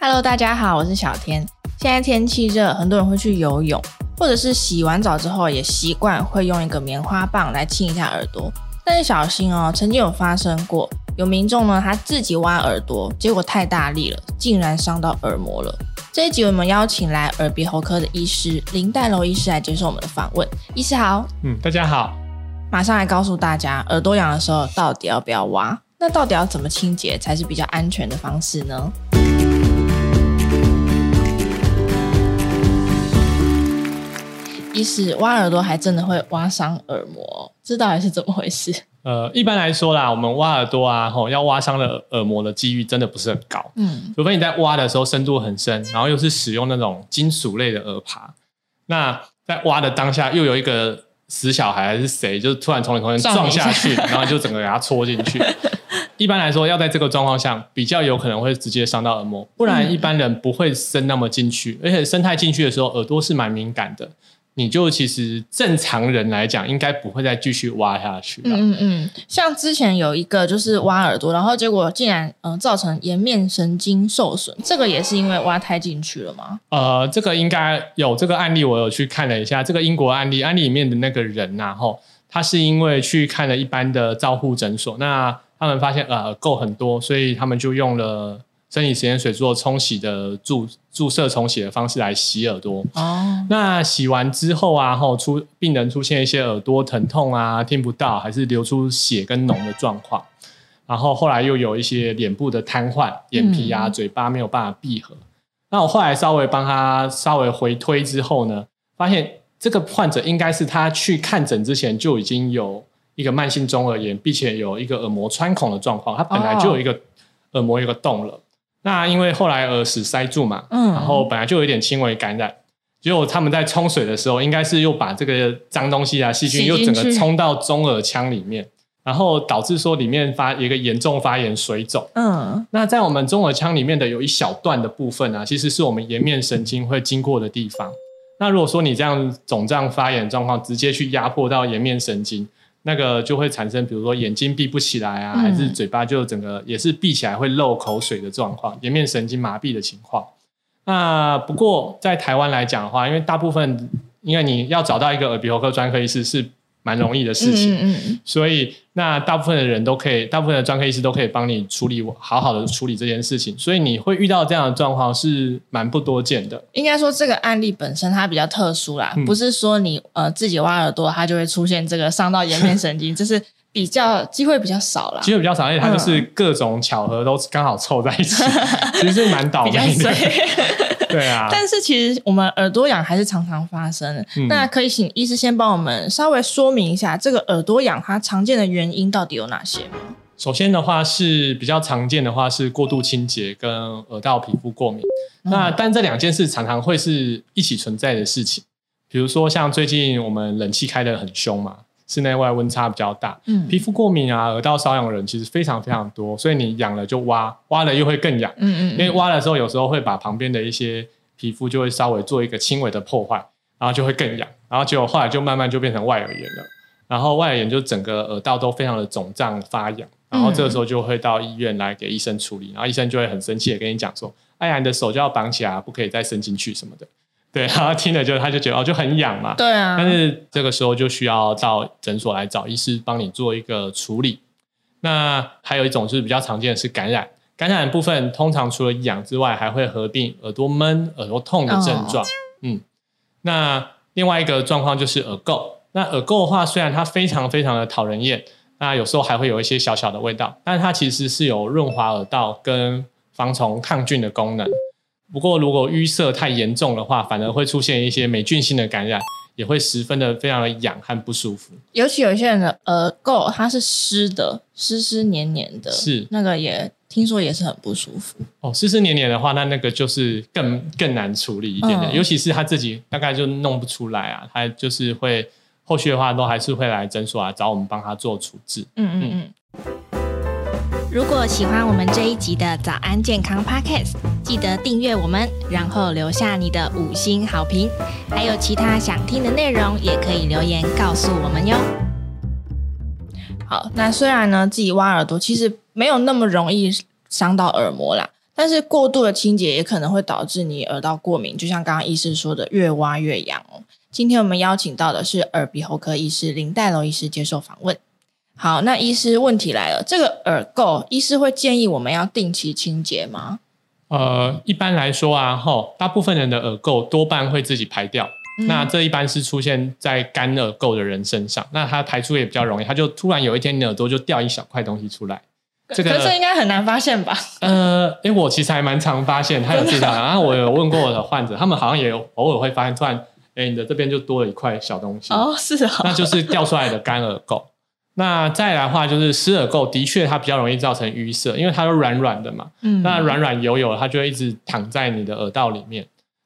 Hello，大家好，我是小天。現在天氣熱，很多人會去游泳，或者是洗完澡之後也習慣會用一個棉花棒來清一下耳朵。但是小心哦，曾經有發生過，有民眾呢，他自己挖耳朵，結果太大力了，竟然傷到耳膜了。這一集我們邀請來耳鼻喉科的醫師林岱樓醫師來接受我們的訪問。醫師好，嗯，大家好。馬上來告訴大家，耳朵癢的時候到底要不要挖？那到底要怎麼清潔才是比較安全的方式呢？其實挖耳朵還真的會挖傷耳膜，這到底是怎麼回事？呃，一般來說啦，我們挖耳朵啊，吼要挖傷了耳膜的幾率真的不是很高。嗯，除非你在挖的時候深度很深，然後又是使用那種金屬類的耳耙。那在挖的當下，又有一個死小孩還是誰，就突然從你頭上撞下去撞下，然後就整個給他戳進去。 一般來說，要在這個狀況下，比較有可能會直接傷到耳膜。不然一般人不會伸那麼進去，嗯，而且伸太進去的時候，耳朵是蠻敏感的。你就其實正常人來講，應該不會再繼續挖下去了、啊。嗯嗯，像之前有一個就是挖耳朵，然後結果竟然嗯、呃、造成顏面神經受損，這個也是因為挖太進去了嗎？呃，這個應該有這個案例，我有去看了一下。這個英國案例，案例裡面的那個人吶、啊，吼，他是因為去看了一般的照護診所，那他們發現呃垢很多，所以他們就用了。生理食鹽水做沖洗的注注射沖洗的方式來洗耳朵哦。Oh. 那洗完之後啊，後出病人出現一些耳朵疼痛啊，聽不到，還是流出血跟膿的狀況。然後後來又有一些臉部的癱瘓，眼皮啊、嗯、嘴巴沒有辦法閉合。那我後來稍微幫他稍微回推之後呢，發現這個患者應該是他去看診之前就已經有一個慢性中耳炎，並且有一個耳膜穿孔的狀況，他本來就有一個耳膜有一個洞了。Oh. 那因為後來耳屎塞住嘛，嗯，然後本來就有一點輕微感染，結果他們在沖水的時候，應該是又把這個髒東西啊、細菌又整個沖到中耳腔裡面，然後導致說裡面發一個嚴重發炎、水腫。嗯，那在我們中耳腔裡面的有一小段的部分啊，其實是我們顏面神經會經過的地方。那如果說你這樣腫脹發炎狀況，直接去壓迫到顏面神經。那個就會產生，比如說眼睛閉不起來啊、嗯，還是嘴巴就整個也是閉起來會漏口水的狀況，顏面神經麻痹的情況。那不過在台灣來講的話，因為大部分，因為你要找到一個耳鼻喉科專科醫師是。蠻容易的事情，嗯嗯嗯，所以那大部分的人都可以，大部分的專科醫師都可以幫你處理，好好的處理這件事情。所以你會遇到這樣的狀況是蠻不多見的。應該說這個案例本身它比較特殊啦，嗯、不是說你呃自己挖耳朵它就會出現這個傷到顏面神經， 就是比較機會比較少啦。機會比較少，而且它就是各種巧合都剛好湊在一起，嗯、 其實是蠻倒霉的。 對啊，但是其實我們耳朵癢還是常常發生的。嗯、那可以請醫師先幫我們稍微說明一下，這個耳朵癢它常見的原因到底有哪些？首先的話是比較常見的話是過度清潔跟耳道皮膚過敏。哦、那但這兩件事常常會是一起存在的事情，比如說像最近我們冷氣開得很凶嘛。室內外溫差比較大，皮膚過敏啊，耳道瘙癢的人其實非常非常多，所以你癢了就挖，挖了又會更癢，嗯嗯，因為挖的時候有時候會把旁邊的一些皮膚就會稍微做一個輕微的破壞，然後就會更癢，然後結果後來就慢慢就變成外耳炎了，然後外耳炎就整個耳道都非常的腫脹發癢，然後這個時候就會到醫院來給醫生處理，然後醫生就會很生氣的跟你講說，哎呀，你的手就要綁起來，不可以再伸進去什麼的。對，然後他聽了就他就覺得哦，就很癢嘛。對啊。但是這個時候就需要到診所來找醫師幫你做一個處理。那還有一種是比較常見的是感染，感染的部分通常除了癢之外，還會合併耳朵悶、耳朵痛的症狀。哦、嗯。那另外一個狀況就是耳垢。那耳垢的話，雖然它非常非常的討人厭，那有時候還會有一些小小的味道，但是它其實是有潤滑耳道跟防蟲抗菌的功能。不過，如果淤塞太嚴重的話，反而會出現一些黴菌性的感染，也會十分的非常的癢和不舒服。尤其有些人的耳垢、呃、它是濕的，濕濕黏黏的，是那個也聽說也是很不舒服。哦，濕濕黏黏的話，那那個就是更、嗯、更難處理一點點、嗯。尤其是他自己大概就弄不出來啊，他就是會後續的話都還是會來診所啊，找我們幫他做處置。嗯嗯嗯，嗯。如果喜歡我們這一集的早安健康 Podcast，記得訂閱我們，然後留下你的五星好評。還有其他想聽的內容，也可以留言告訴我們喲。好，那雖然呢，自己挖耳朵其實沒有那麼容易傷到耳膜啦，但是過度的清潔也可能會導致你耳道過敏。就像剛剛醫師說的，越挖越癢哦。今天我們邀請到的是耳鼻喉科醫師林岱樓醫師接受訪問。好，那醫師，問題來了，這個耳垢，醫師會建議我們要定期清潔嗎？呃，一般來說啊，吼，大部分人的耳垢多半會自己排掉。嗯、那這一般是出現在乾耳垢的人身上，那它排出也比較容易，它就突然有一天你耳朵就掉一小塊東西出來。這個可是這應該很難發現吧？呃，哎、欸，我其實還蠻常發現，他有這他、啊。然後、啊、我有問過我的患者，他們好像也有偶爾會發現，突然、欸，你的這邊就多了一塊小東西。哦，是哦。那就是掉出來的乾耳垢。那再來的話，就是濕耳垢。的確它比較容易造成淤塞，因為它都軟軟的嘛。嗯，那軟軟油油的，它就會一直躺在你的耳道裡面。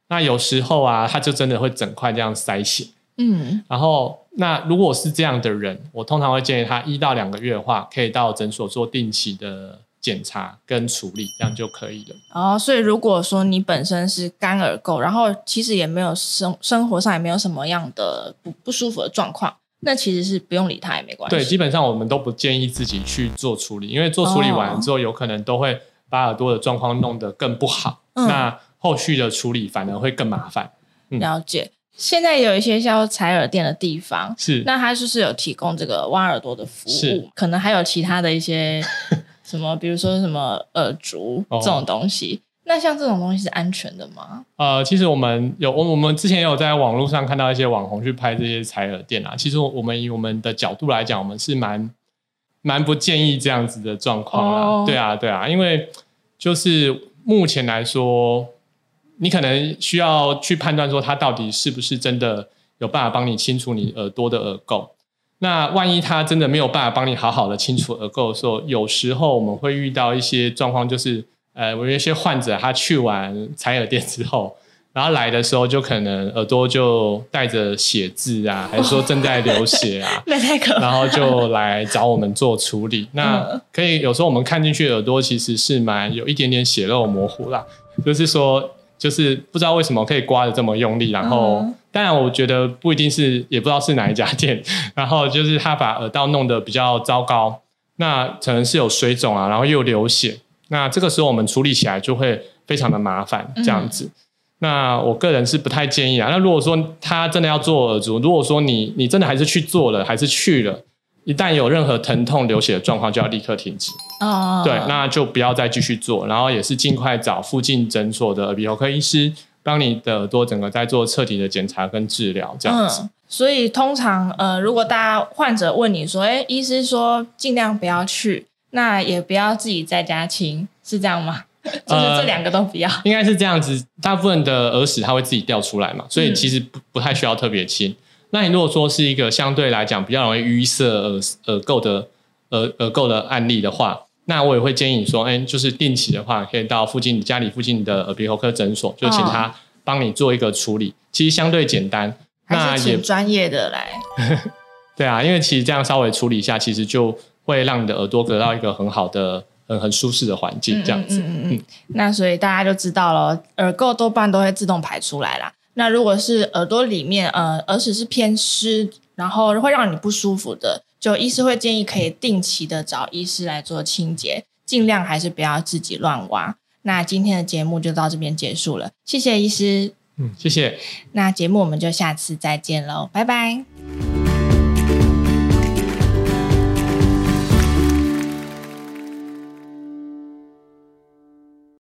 那有時候啊，它就真的會整塊這樣塞血。嗯，然後那如果是這樣的人，我通常會建議他一到兩個月的話，可以到診所做定期的檢查跟處理，這樣就可以了。哦，所以如果說你本身是乾耳垢，然後其實也沒有生生活上也沒有什麼樣的不不舒服的狀況，那其實是不用理它也沒關係。對，基本上我們都不建議自己去做處理，因為做處理完了之後，哦、有可能都會把耳朵的狀況弄得更不好，嗯。那後續的處理反而會更麻煩，嗯。了解。現在有一些像採耳店的地方，是那他就是有提供這個挖耳朵的服務，是可能還有其他的一些什麼， 比如說什麼耳燭這種東西。哦那像這種東西是安全的嗎？呃，其實我們有我我們之前有在網絡上看到一些網紅去拍這些採耳店啊。其實我們以我們的角度來講，我們是蠻蠻不建議這樣子的狀況啊。哦。對啊，對啊，因為就是目前來說，你可能需要去判斷說他到底是不是真的有辦法幫你清除你耳朵的耳垢。那萬一他真的沒有辦法幫你好好的清除耳垢的時候，有時候我們會遇到一些狀況就是。呃，我有一些患者他去完採耳店之後，然後來的時候就可能耳朵就帶着血漬啊，還是說正在流血啊，然後就來找我們做處理。 那可以有時候我們看進去的耳朵其實是蠻有一點點血肉模糊啦，就是說就是不知道為什麼可以刮得這麼用力，然後當然我覺得不一定是也不知道是哪一家店，然後就是他把耳道弄得比較糟糕，那可能是有水腫啊，然後又流血。那這個時候我們處理起來就會非常的麻煩，這樣子、嗯。那我個人是不太建議啊。那如果說他真的要做耳燭，如果說你你真的還是去做了，還是去了，一旦有任何疼痛、流血的狀況，就要立刻停止。哦、嗯，對，那就不要再繼續做，然後也是儘快找附近診所的耳鼻喉科醫師，幫你的耳朵整個在做徹底的檢查跟治療，這樣子、嗯。所以通常呃，如果大家患者問你說，哎、欸，醫師說儘量不要去。那也不要自己在家清，是這樣嗎？呃、 就是這兩個都不要。應該是這樣子，大部分的耳屎它會自己掉出來嘛，所以其實不不太需要特別清、嗯。那你如果說是一個相對來講比較容易淤塞耳耳垢的耳耳垢的案例的話，那我也會建議你說，哎、欸，就是定期的話，可以到附近你家裡附近的耳鼻喉科診所，就請他幫你做一個處理、哦。其實相對簡單，而且請專業的來。 對啊，因為其實這樣稍微處理一下，其實就。會讓你的耳朵得到一個很好的、很、嗯、很舒適的環境，這樣子。嗯嗯，嗯，嗯那所以大家就知道了，耳垢多半都會自動排出來啦。那如果是耳朵裡面，呃，耳屎是偏濕，然後會讓你不舒服的，就醫師會建議可以定期的找醫師來做清潔，盡量還是不要自己亂挖。那今天的節目就到這邊結束了，謝謝醫師。嗯，謝謝。那節目我們就下次再見嘍，拜拜。